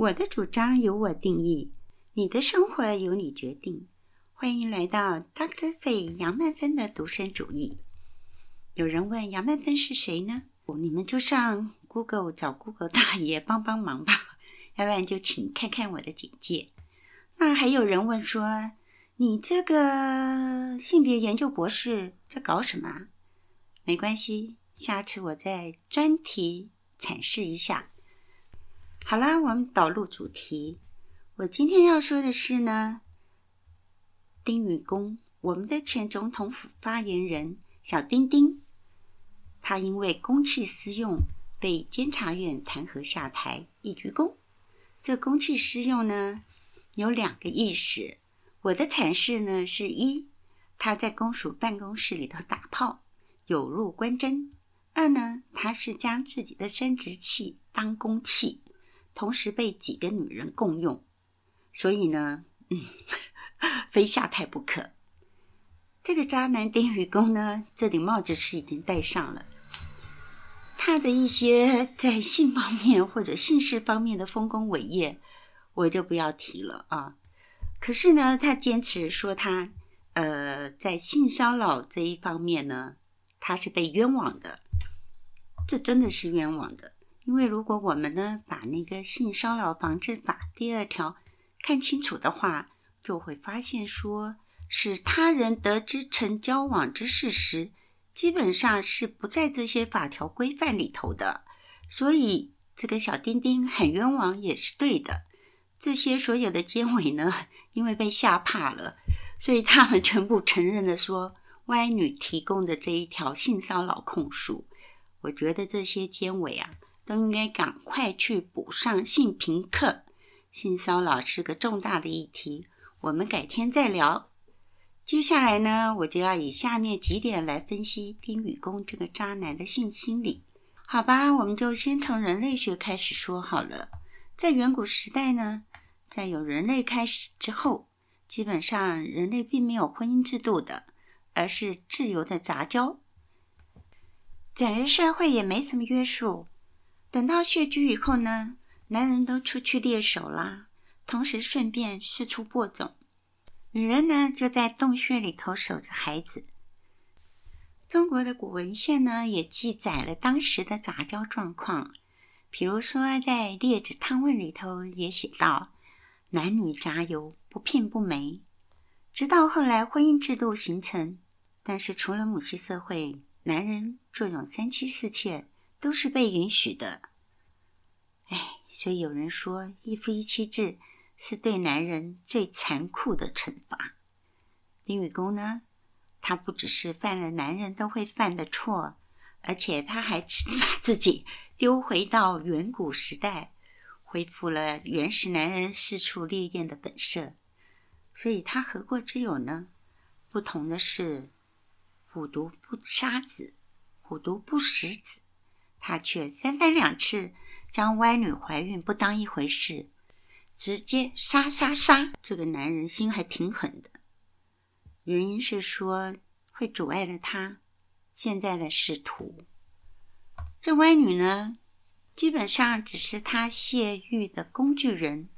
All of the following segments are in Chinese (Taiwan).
我的主張由我定義，你的生活由你決定。歡迎來到 Dr. Faye 楊曼芬的獨身主義。有人問楊曼芬是誰呢？你們就上 Google 找 Google 大爺幫幫忙吧，要不然就請看看我的簡介。那還有人問說，你這個性別研究博士在搞什麼？沒關係，下次我再專題闡釋一下。好啦，我們導入主題。我今天要說的是呢，丁允恭，我們的前總統府發言人小丁丁，他因為公器私用被監察院彈劾下台，一鞠躬。這公器私用呢，有兩個意思。我的闡釋呢，是一，他在公署辦公室裡頭打炮，有辱觀瞻；二呢，他是將自己的生殖器當公器。同時被幾個女人共用，所以呢，嗯，非下台不可。這個渣男丁允恭呢，這頂帽子是已經戴上了。他的一些在性方面或者性事方面的豐功偉業，我就不要提了啊。可是呢，他堅持說他，呃，在性騷擾這一方面呢，他是被冤枉的，這真的是冤枉的。因為如果我們呢，把那個性騷擾防治法第二條看清楚的話，就會發現說，是他人得知成交往之事實，基本上是不在這些法條規範裡頭的。所以這個小丁丁很冤枉也是對的。這些所有的監委呢，因為被嚇怕了，所以他們全部承認了說歪女提供的這一條性騷擾控訴。我覺得這些監委啊。都應該趕快去補上性平課。性騷擾是個重大的議題，我們改天再聊。接下來呢，我就要以下面幾點來分析丁允恭這個渣男的性心理，好吧？我們就先從人類學開始說好了。在遠古時代呢，在有人類開始之後，基本上人類並沒有婚姻制度的，而是自由的雜交，整個社會也沒什麼約束。等到穴居以後呢，男人都出去獵手啦，同時順便四處播種；女人呢，就在洞穴裡頭守着孩子。中國的古文獻呢，也記載了當時的雜交狀況，比如說在《列子湯問》裡頭也寫道：“男女雜游，不聘不媒。”直到後來婚姻制度形成，但是除了母系社會，男人坐擁三妻四妾。都是被允許的，哎，所以有人說一夫一妻制是對男人最殘酷的懲罰。丁允恭呢，他不只是犯了男人都會犯的錯，而且他還把自己丟回到遠古時代，恢復了原始男人四處獵豔的本色，所以他何過之有呢？不同的是，虎毒不殺子，虎毒不食子。他卻三番兩次將歪女懷孕不當一回事，直接殺殺殺！這個男人心還挺狠的。原因是說會阻礙了他現在的仕途。這歪女呢，基本上只是他泄欲的工具人。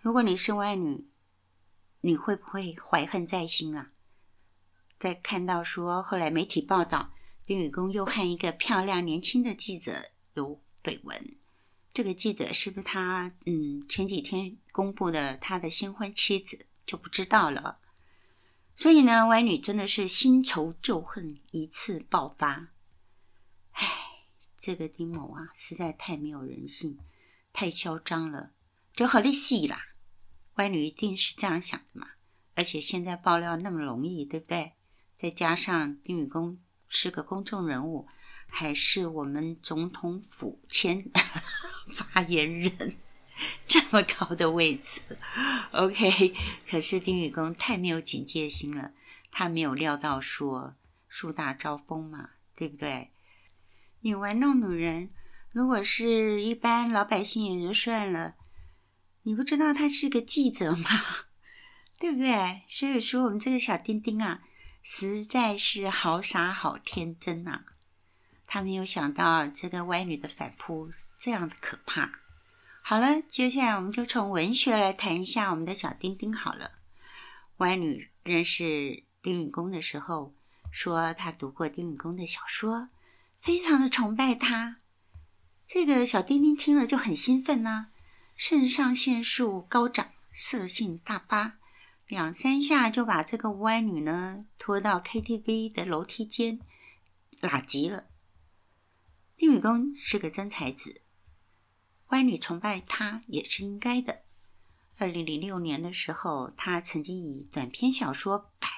如果你是歪女，你會不會懷恨在心啊？再看到說後來媒體報道。丁允恭又和一個漂亮年輕的記者有緋聞，這個記者是不是他？嗯，前幾天公布的他的新婚妻子就不知道了。所以呢，歪女真的是新仇舊恨一次爆發。哎，這個丁某啊，實在太沒有人性，太囂張了，就和你死啦！歪女一定是這樣想的嘛？而且現在爆料那麼容易，對不對？再加上丁允恭，是個公眾人物，還是我們總統府前發言人這麼高的位置 OK。可是丁允恭太沒有警戒心了，他沒有料到說樹大招風嘛，對不對？你玩弄女人，如果是一般老百姓也就算了，你不知道他是個記者嗎？對不對？所以說我們這個小丁丁啊。實在是好傻好天真吶、啊！他沒有想到這個歪女的反撲是這樣的可怕。好了，接下來我們就從文學來談一下我們的小丁丁好了。歪女認識丁允恭的時候，說她讀過丁允恭的小說，非常的崇拜他。這個小丁丁聽了就很興奮吶、啊，腎上腺素高漲，色性大發。兩三下就把這個歪女呢，拖到 KTV 的樓梯間，拉急了。丁允恭是個真才子，歪女崇拜他也是應該的。二零零六年的時候，他曾經以短篇小說《擺》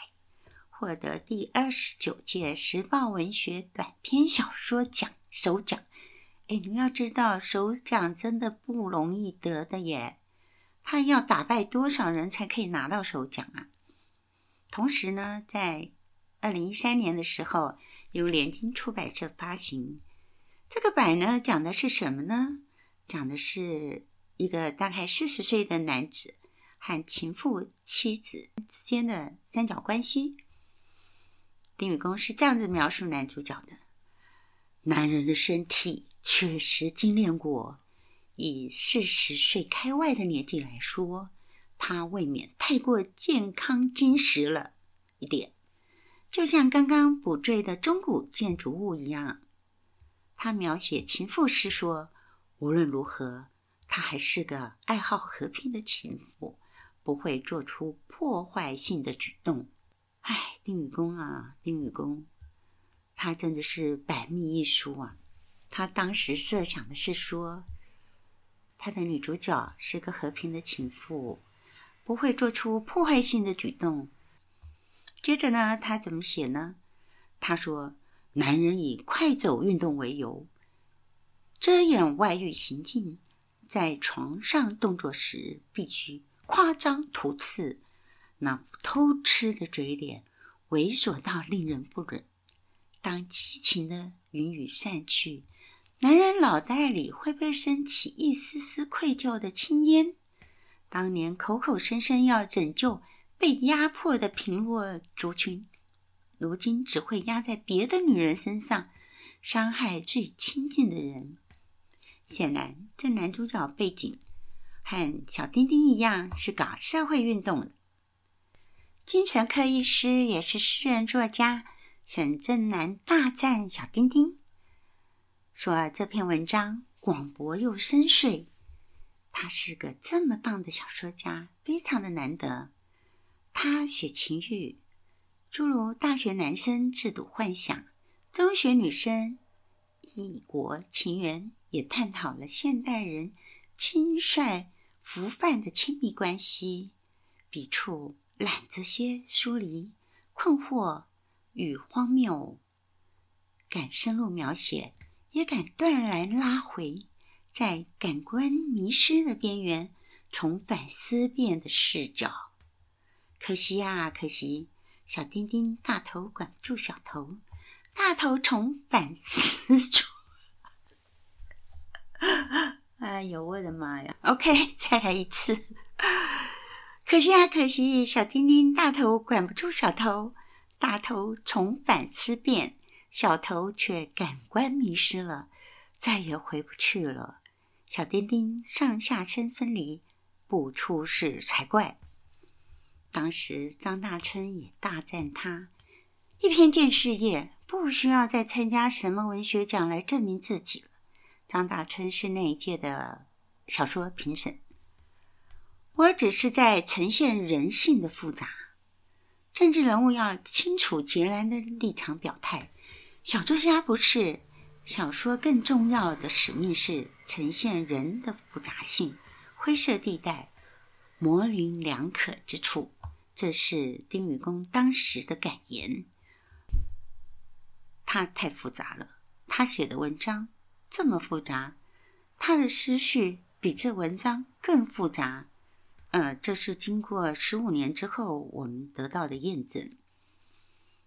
獲得第二十九屆時報文學短篇小說獎首獎。哎，你們要知道，首獎真的不容易得的耶。他要打敗多少人才可以拿到首獎啊？同時呢，在二零一三年的時候，由聯經出版社發行這個版呢？講的是什麼呢？講的是一個大概四十歲的男子和情婦、妻子之間的三角關係。丁允恭是這樣子描述男主角的：男人的身體確實精煉過。以四十歲開外的年紀來說，他未免太過健康、精實了一點，就像剛剛補綴的中古建築物一樣。他描寫情婦時說：“無論如何，他還是個愛好和平的情婦，不會做出破壞性的舉動。”哎，丁允恭啊，丁允恭，他真的是百密一疏啊！他當時設想的是說。他的女主角是個和平的情婦，不會做出破壞性的舉動。接着呢，他怎麼寫呢？他說：“男人以快走運動為由遮掩外遇行徑，在床上動作時必須誇張突刺，那偷吃的嘴臉猥瑣到令人不忍。當激情的雲雨散去。”男人腦袋裡會不會升起一絲絲愧疚的青煙？當年口口聲聲要拯救被壓迫的貧弱族群，如今只會壓在別的女人身上，傷害最親近的人。顯然，這男主角背景和小丁丁一樣，是搞社會運動的。精神科醫師也是詩人作家，沈政男大讚小丁丁。說、啊、這篇文章廣博又深邃，他是個這麼棒的小說家，非常的難得。他寫情欲，諸如大學男生制度幻想、中學女生異國情緣，也探討了現代人輕率浮泛的親密關係。筆觸懶着些疏離、困惑與荒謬，敢深入描寫。也敢斷然拉回，在感官迷失的邊緣，重返思辨的視角。可惜啊可惜，小丁丁大頭管不住小頭，大頭重返思出。 哎呦，我的媽呀！OK，再來一次。可惜啊，可惜，小丁丁大頭管不住小頭，大頭重返思辨。小頭卻感官迷失了，再也回不去了。小丁丁上下身分離，不出事才怪。當時張大春也大讚他，一篇見事業，不需要再參加什麼文學獎來證明自己了。張大春是那一屆的小說評審。我只是在呈現人性的複雜，政治人物要清楚截然的立場表態。小，不是小說家，不是小說，更重要的使命是呈現人的複雜性、灰色地帶、模棱兩可之處。這是丁允恭當時的感言。他太複雜了，他寫的文章這麼複雜，他的思緒比這文章更複雜。呃，這是經過十五年之後我們得到的驗證。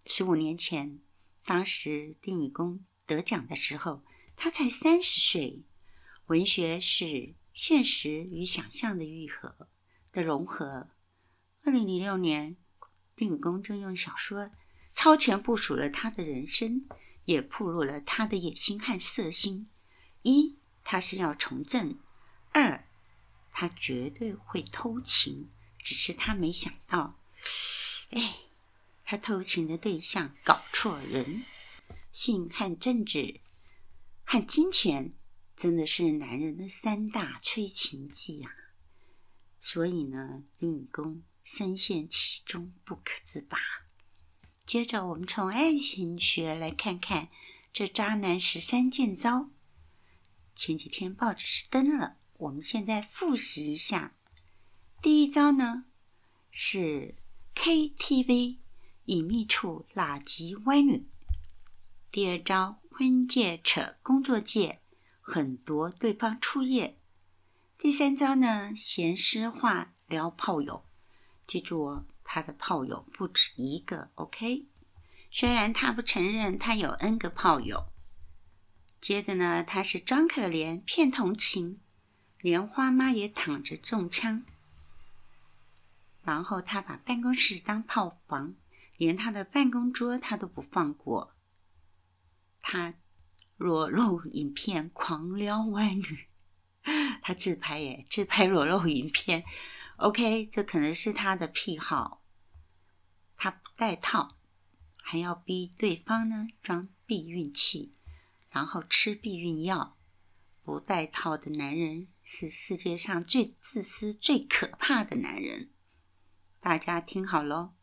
十五年前。當時丁允恭得獎的時候，他才三十歲。文學是現實與想象的癒合的融合。二零零六年，丁允恭就用小說超前部署了他的人生，也暴露了他的野心和色心：一，他是要從政；二，他絕對會偷情。只是他沒想到，哎。他偷情的對象搞錯人，性、和政治、和金錢，真的是男人的三大催情劑呀。所以呢，允恭深陷其中不可自拔。接着，我們從愛情學來看看這渣男十三賤招。前幾天報紙是登了，我們現在複習一下。第一招呢，是 KTV。隱秘處垃圾歪女？第二招婚戒，扯工作戒，狠奪對方初夜。第三招呢？閒時話聊炮友，記住哦，他的炮友不止一個。OK，雖然他不承認他有 N 個炮友。接着呢，他是裝可憐騙同情，蓮花媽也躺着中槍。然後他把辦公室當炮房。連他的辦公桌他都不放過。他裸露影片，狂撩外女，他自拍耶，自拍裸露影片。OK，這可能是他的癖好。他不戴套，還要逼對方呢裝避孕器，然後吃避孕藥。不戴套的男人是世界上最自私、最可怕的男人。大家聽好嘍。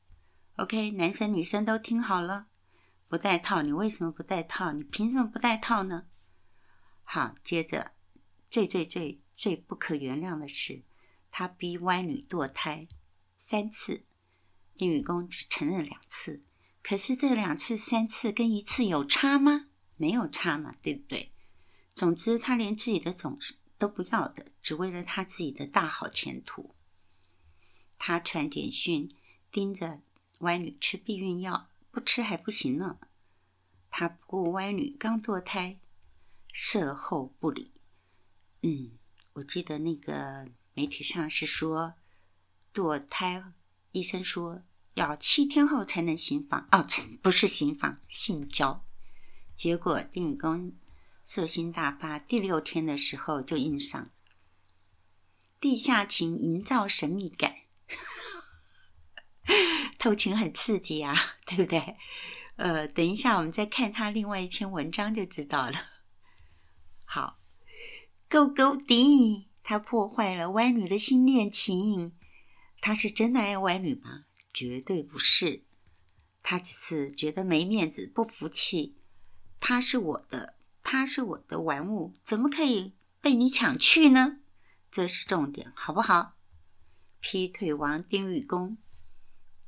OK，男生女生都聽好了。不戴套，你為什麼不戴套？你憑什麼不戴套呢？好，接着，最最最最不可原諒的是，他逼歪女墮胎三次，丁允恭只承認兩次。可是這兩次、三次跟一次有差嗎？沒有差嘛，對不對？總之，他連自己的種子都不要的，只為了他自己的大好前途。他傳簡訊，盯着歪女吃避孕藥不吃還不行呢。他不顧歪女剛墮胎，事後不理。嗯，我記得那個媒體上是說墮胎醫生說要七天後才能行房，哦，不是行房，性交。結果丁允恭色心大發，第六天的時候就硬上。地下情營造神秘感。偷情很刺激啊，對不對？呃，等一下我們再看他另外一篇文章就知道了。好，夠夠的，他破壞了歪女的新戀情。他是真的愛歪女嗎？絕對不是，他只是覺得沒面子、不服氣。他是我的，他是我的玩物，怎麼可以被你搶去呢？這是重點，好不好？劈腿王丁允恭。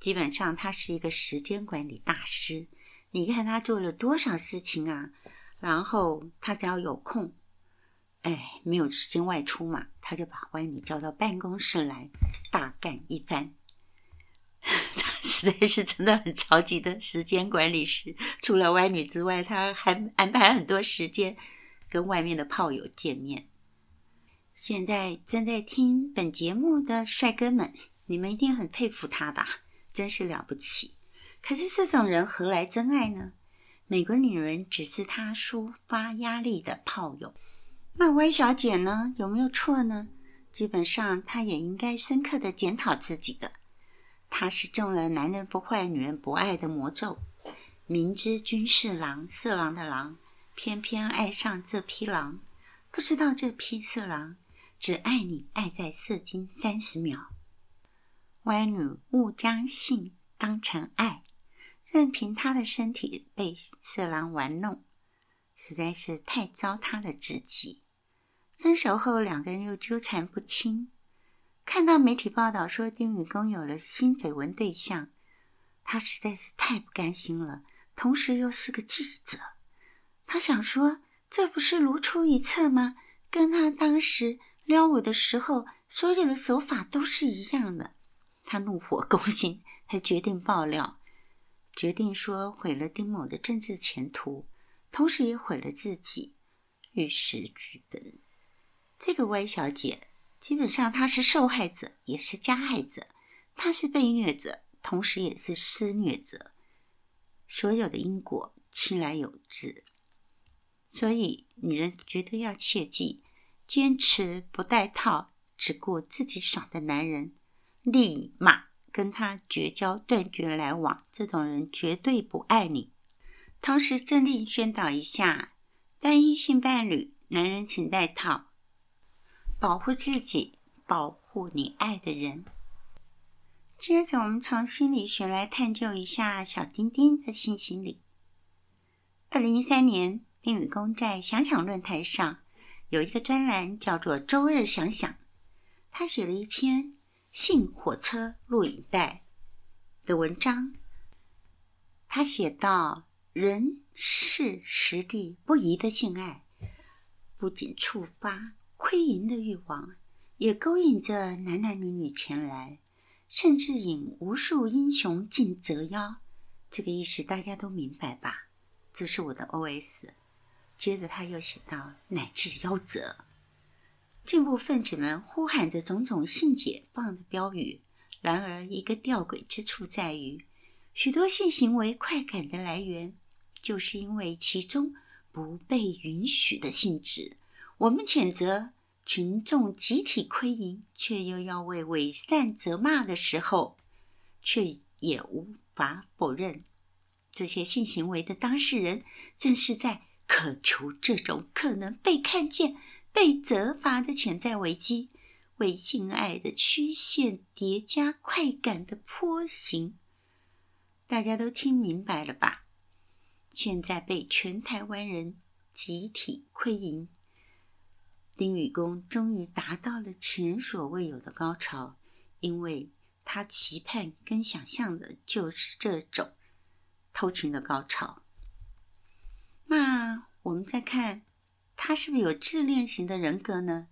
基本上他是一個時間管理大師，你看他做了多少事情啊！然後他只要有空，哎，沒有時間外出嘛，他就把歪女叫到辦公室來大幹一番。 他實在是真的很超級的時間管理師。除了歪女之外，他還安排很多時間跟外面的炮友見面。現在正在聽本節目的帥哥們，你們一定很佩服他吧？真是了不起，可是這種人何來真愛呢？美國女人只是他抒發壓力的炮友。那 Y 小姐呢？有沒有錯呢？基本上，她也應該深刻的檢討自己的。她是中了“男人不壞，女人不愛”的魔咒，明知君是狼，色狼的狼，偏偏愛上這批狼。不知道這批色狼只愛你，愛在色精三十秒。乖女誤將性當成愛，任憑他的身體被色狼玩弄，實在是太糟蹋了自己。分手後，兩個人又糾纏不清。看到媒體報道說丁允恭有了新緋聞對象，他實在是太不甘心了。同時又是個記者，他想說：“這不是如出一轍嗎？跟他當時撩我的時候，所有的手法都是一樣的。”他怒火攻心，他決定爆料，決定說毀了丁某的政治前途，同時也毀了自己。玉石俱焚。這個歪小姐，基本上她是受害者，也是加害者，她是被虐者，同時也是施虐者。所有的因果，其來有自。所以，女人絕對要切記：堅持不戴套，只顧自己爽的男人。立馬跟他絕交，斷絕來往。這種人絕對不愛你。同時，政令宣導一下，單一性伴侶，男人請戴套，保護自己，保護你愛的人。接着，我們從心理學來探究一下小丁丁的性心理。二零一三年，丁允恭在想想論壇上有一個專欄，叫做《周日想想》，他寫了一篇。《性火車》錄影帶的文章，他寫道：人是實地不移的性愛，不僅觸發窺淫的欲望，也勾引着男男女女前來，甚至引無數英雄競折腰。這個意思大家都明白吧？這是我的 OS。接着他又寫道，乃至夭折。進步分子們呼喊着種種性解放的標語，然而一個吊詭之處在於，許多性行為快感的來源，就是因為其中不被允許的性質。我們譴責群眾集體窺淫，卻又要為偽善責罵的時候，卻也無法否認，這些性行為的當事人正是在渴求這種可能被看見。被責罰的潛在危機，為性愛的曲線疊加快感的波形，大家都聽明白了吧？現在被全台灣人集體窺淫，丁允恭終於達到了前所未有的高潮，因為他期盼跟想象的就是這種偷情的高潮。那我們再看。他是不是有自戀型的人格呢？“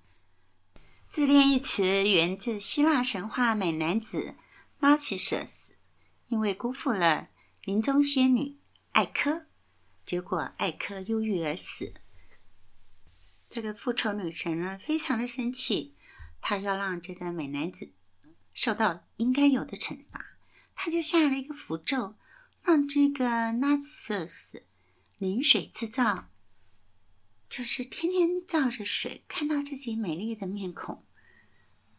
自戀”一詞源自希臘神話美男子納西瑟斯，因為辜負了林中仙女艾珂，結果艾珂憂鬱而死。這個復仇女神呢，非常的生氣，她要讓這個美男子受到應該有的懲罰，她就下了一個符咒，讓這個納西瑟斯臨水自照。就是天天照着水，看到自己美麗的面孔，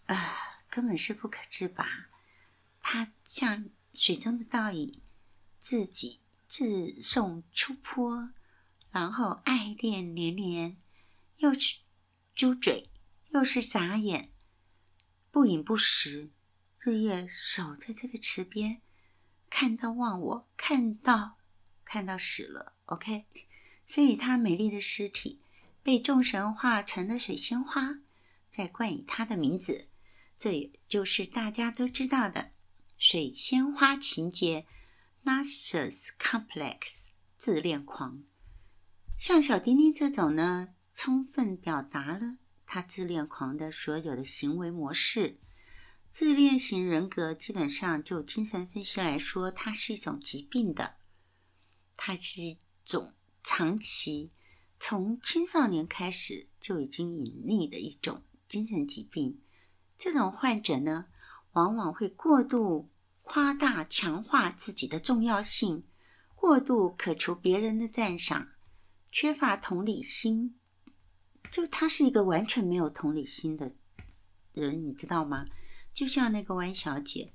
啊、呃，根本是不可自拔。他像水中的倒影，自己自送出坡，然後愛戀連連，又是嘟嘴，又是眨眼，不飲不食，日夜守在這個池邊，看到忘我，看到看到死了。OK，所以，他美麗的屍體。被眾神化成了水仙花，再冠以他的名字，這也就是大家都知道的水仙花情結 （narcissus complex） 自戀狂。像小丁丁這種呢，充分表達了他自戀狂的所有的行為模式。自戀型人格基本上就精神分析來說，它是一種疾病的，它是一種長期，從青少年開始就已經隱匿的一種精神疾病，這種患者呢，往往會過度誇大、強化自己的重要性，過度渴求別人的讚賞，缺乏同理心，就他是一個完全沒有同理心的人，你知道嗎？就像那個王小姐，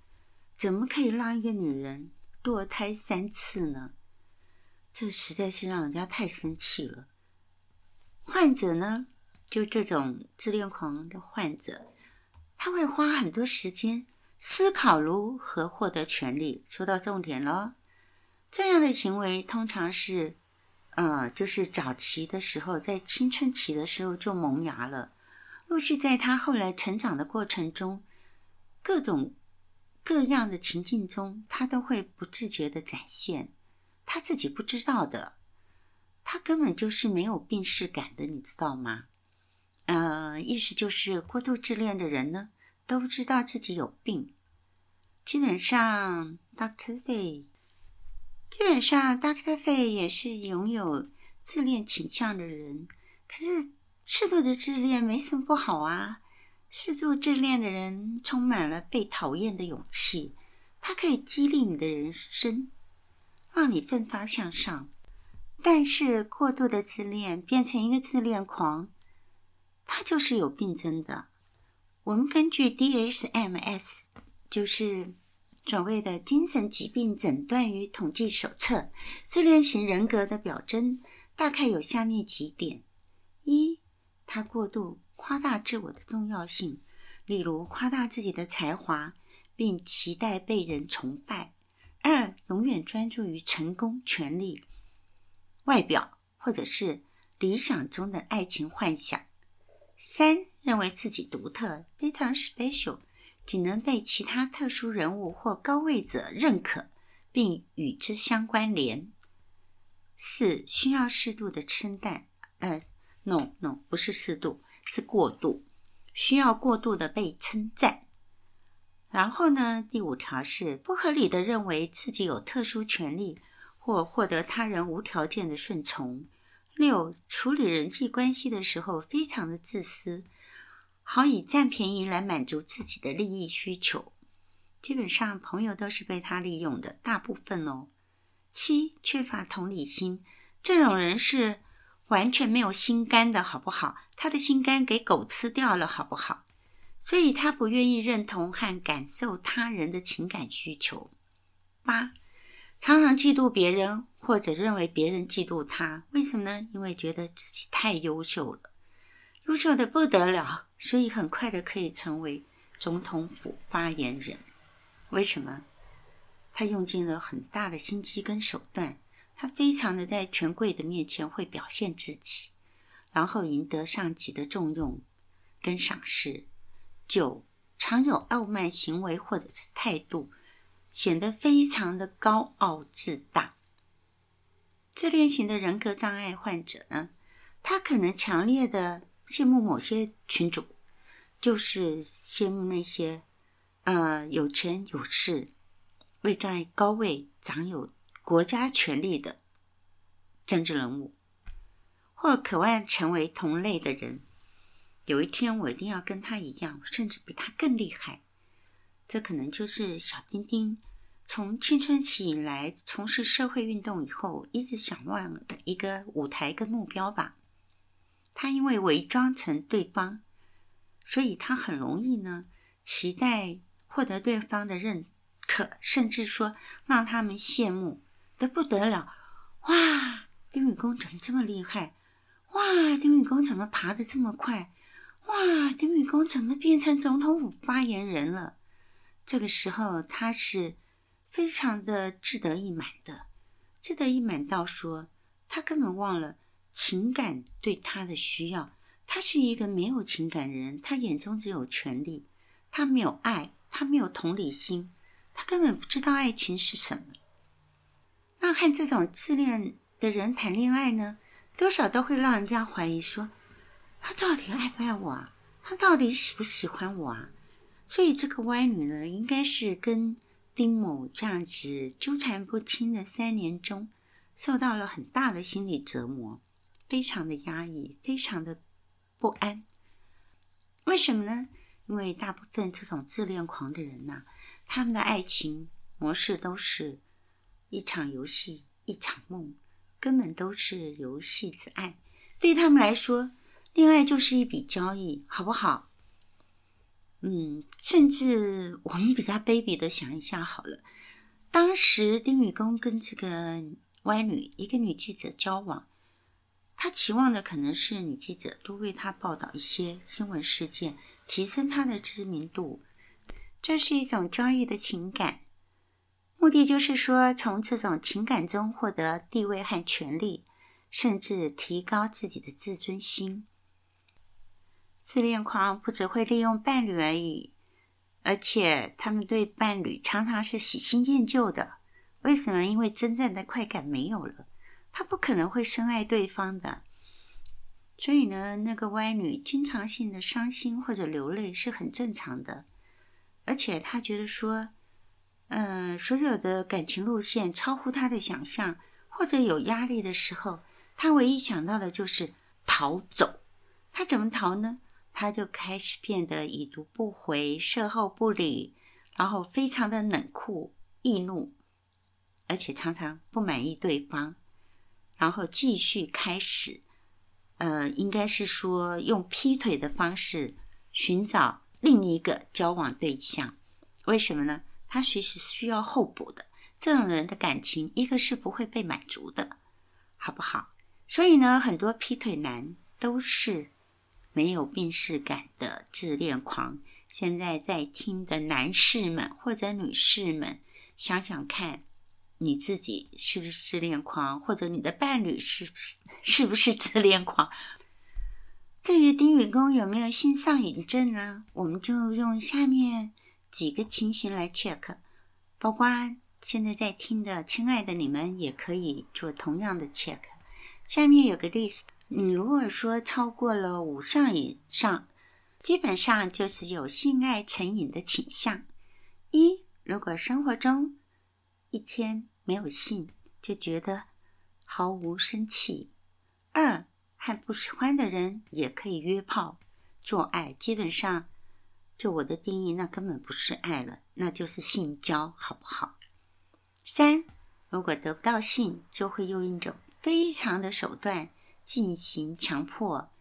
怎麼可以讓一個女人墮胎三次呢？這實在是讓人家太生氣了。患者呢，就這種自戀狂的患者，他會花很多時間思考如何獲得權力，說到重點了，這樣的行為通常是，呃，就是早期的時候，在青春期的時候就萌芽了，陸續在他後來成長的過程中，各種各樣的情境中，他都會不自覺的展現他自己不知道的。他根本就是沒有病恥感的，你知道嗎？呃，意思就是過度自戀的人呢，都不知道自己有病。基本上，Dr. Faye，基本上 Dr. Faye 也是擁有自戀傾向的人。可是適度的自戀沒什麼不好啊，適度自戀的人充滿了被討厭的勇氣，它可以激勵你的人生，讓你奮發向上。但是過度的自戀變成一個自戀狂，它就是有病症的。我們根據 DSM-S 就是所謂的精神疾病診斷與統計手冊，自戀型人格的表徵大概有下面幾點：一、他過度誇大自我的重要性，例如誇大自己的才華，並期待被人崇拜；二、永遠專注於成功、權力，外表，或者是理想中的愛情幻想。三，認為自己獨特，非常 special，僅能被其他特殊人物或高位者認可，並與之相關聯。四，需要適度的稱讚，呃，no no，不是適度，是過度，需要過度的被稱讚。然後呢，第五條是不合理的認為自己有特殊權利。或獲得他人無條件的順從。六、處理人際關係的時候非常的自私，好以占便宜來滿足自己的利益需求。基本上朋友都是被他利用的大部分哦。七、缺乏同理心，這種人是完全沒有心肝的，好不好？他的心肝給狗吃掉了，好不好？所以他不願意認同和感受他人的情感需求。八。常常嫉妒別人，或者認為別人嫉妒他，為什麼呢？因為覺得自己太優秀了，優秀的不得了，所以很快的可以成為總統府發言人。為什麼？他用盡了很大的心機跟手段，他非常的在權貴的面前會表現自己，然後贏得上級的重用跟賞識。九，常有傲慢行為或者是態度。顯得非常的高傲自大。自戀型的人格障礙患者呢，他可能強烈的羨慕某些群主，就是羨慕那些，呃，有錢有勢、位在高位、掌有國家權力的政治人物，或渴望成為同類的人。有一天，我一定要跟他一樣，甚至比他更厲害。這可能就是小丁丁從青春期以來，從事社會運動以後，一直想望的一個舞台跟目標吧。他因為偽裝成對方，所以他很容易呢，期待獲得對方的認可，甚至說讓他們羨慕得不得了。哇，丁允恭怎麼這麼厲害？哇，丁允恭怎麼爬得這麼快？哇，丁允恭怎麼變成總統府發言人了？這個時候，他是非常的志得意滿的，志得意滿到說他根本忘了情感對他的需要。他是一個沒有情感的人，他眼中只有權力。他沒有愛，他沒有同理心，他根本不知道愛情是什麼。那和這種自戀的人談戀愛呢，多少都會讓人家懷疑說，他到底愛不愛我啊？他到底喜不喜歡我啊？所以這個歪女呢，應該是跟丁某這樣子糾纏不清的三年中，受到了很大的心理折磨，非常的壓抑，非常的不安。為什麼呢？因為大部分這種自戀狂的人吶、啊，他們的愛情模式都是一場遊戲，一場夢，根本都是遊戲之愛。對他們來說，戀愛就是一筆交易，好不好？嗯，甚至我們比較卑鄙的想一下好了，當時丁允恭跟這個歪女一個女記者交往，他期望的可能是女記者多為他報道一些新聞事件，提升他的知名度，這是一種交易的情感，目的就是說從這種情感中獲得地位和權力，甚至提高自己的自尊心。自戀狂不只會利用伴侶而已，而且他們對伴侶常常是喜新厭舊的。為什麼？因為真正的快感沒有了，他不可能會深愛對方的。所以呢，那個歪女經常性的傷心或者流淚是很正常的。而且他覺得說，嗯，所有的感情路線超乎他的想象，或者有壓力的時候，他唯一想到的就是逃走。他怎麼逃呢？他就開始變得已讀不回、事後不理，然後非常的冷酷、易怒，而且常常不滿意對方，然後繼續開始，呃，應該是說用劈腿的方式尋找另一個交往對象。為什麼呢？他隨時需要候補的。這種人的感情，一個是不會被滿足的，好不好？所以呢，很多劈腿男都是。沒有病恥感的自戀狂。現在在聽的男士們或者女士們，想想看，你自己是不是自戀狂，或者你的伴侶是不是是不是自戀狂？至於丁允恭有沒有性上癮症呢？我們就用下面幾個情形來 check，包括現在在聽的親愛的，你們也可以做同樣的 check。下面有個 list。你如果說超過了五項以上，基本上就是有性愛成癮的傾向。一，如果生活中一天沒有性，就覺得毫無生氣；二，和不喜歡的人也可以約炮做愛，基本上就我的定義，那根本不是愛了，那就是性交，好不好？三，如果得不到性，就會用一種非常的手段。進行強迫，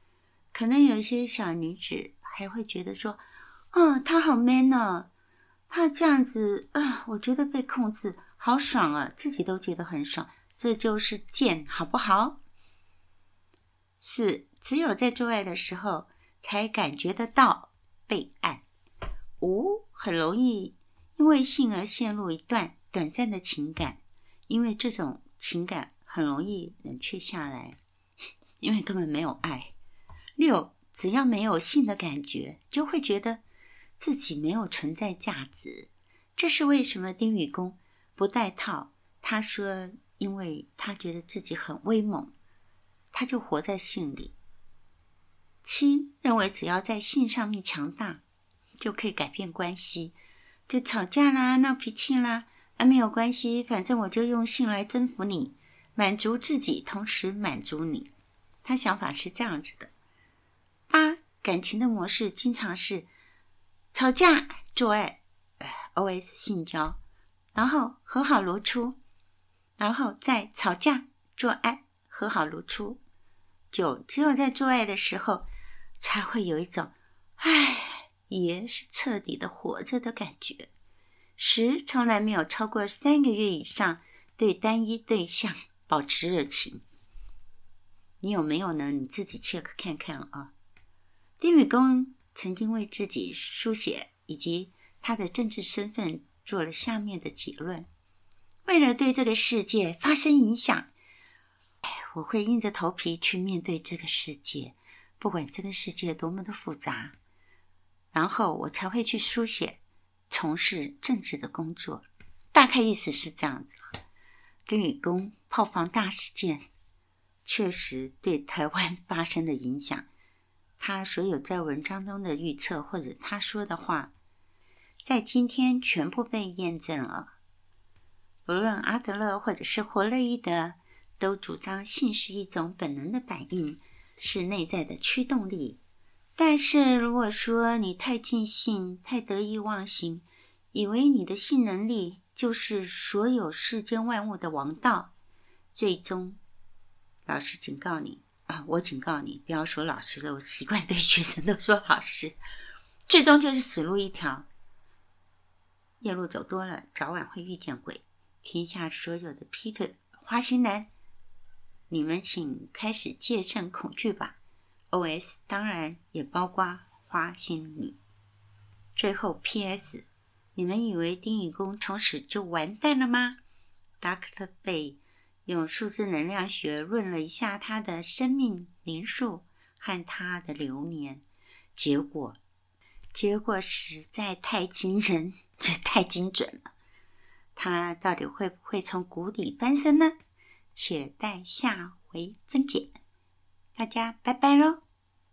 可能有一些小女子還會覺得說：“哦、她啊，他好 man 哦，他這樣子、呃，我覺得被控制好爽啊，自己都覺得很爽。”這就是賤，好不好？四，只有在做愛的時候才感覺得到被愛。五、哦，很容易因為性而陷入一段短暫的情感，因為這種情感很容易冷卻下來。因為根本沒有愛。六，只要沒有性的感覺，就會覺得自己沒有存在價值。這是為什麼丁允恭不戴套？他說，因為他覺得自己很威猛，他就活在性裡。七，認為只要在性上面強大，就可以改變關係，就吵架啦、鬧脾氣啦，啊，沒有關係，反正我就用性來征服你，滿足自己，同時滿足你。他想法是這樣子的：八、啊，感情的模式經常是吵架、做愛，呃，always 性交，然後和好如初，然後再吵架、做愛、和好如初。九，只有在做愛的時候，才會有一種“哎，也是徹底的活着”的感覺。十，從來沒有超過三個月以上對單一對象保持熱情。你有沒有呢？你自己 check 看看啊。丁允恭曾經為自己書寫以及他的政治身份做了下面的結論：為了對這個世界發生影響，哎，我會硬着頭皮去面對這個世界，不管這個世界多麼的複雜，然後我才會去書寫、從事政治的工作。大概意思是這樣子。丁允恭炮房大事件。確實對台灣發生了影響，他所有在文章中的預測或者他說的話，在今天全部被驗證了。無論阿德勒或者是弗洛伊德，都主張性是一種本能的反應，是內在的驅動力。但是，如果說你太盡興、太得意忘形，以為你的性能力就是所有世間萬物的王道，最終。老師警告你啊！我警告你，不要說老師了。我習慣對學生都說老師，最終就是死路一條。夜路走多了，早晚會遇見鬼。天下所有的劈腿花心男，你們請開始戒慎恐懼吧。OS 當然也包括花心女。最後 PS，你們以為丁允恭從此就完蛋了嗎？Dr. Faye。用數字能量學論了一下他的生命靈數和他的流年，結果，結果實在太驚人，太精準了。他到底會不會從谷底翻身呢？且待下回分解。大家拜拜嘍。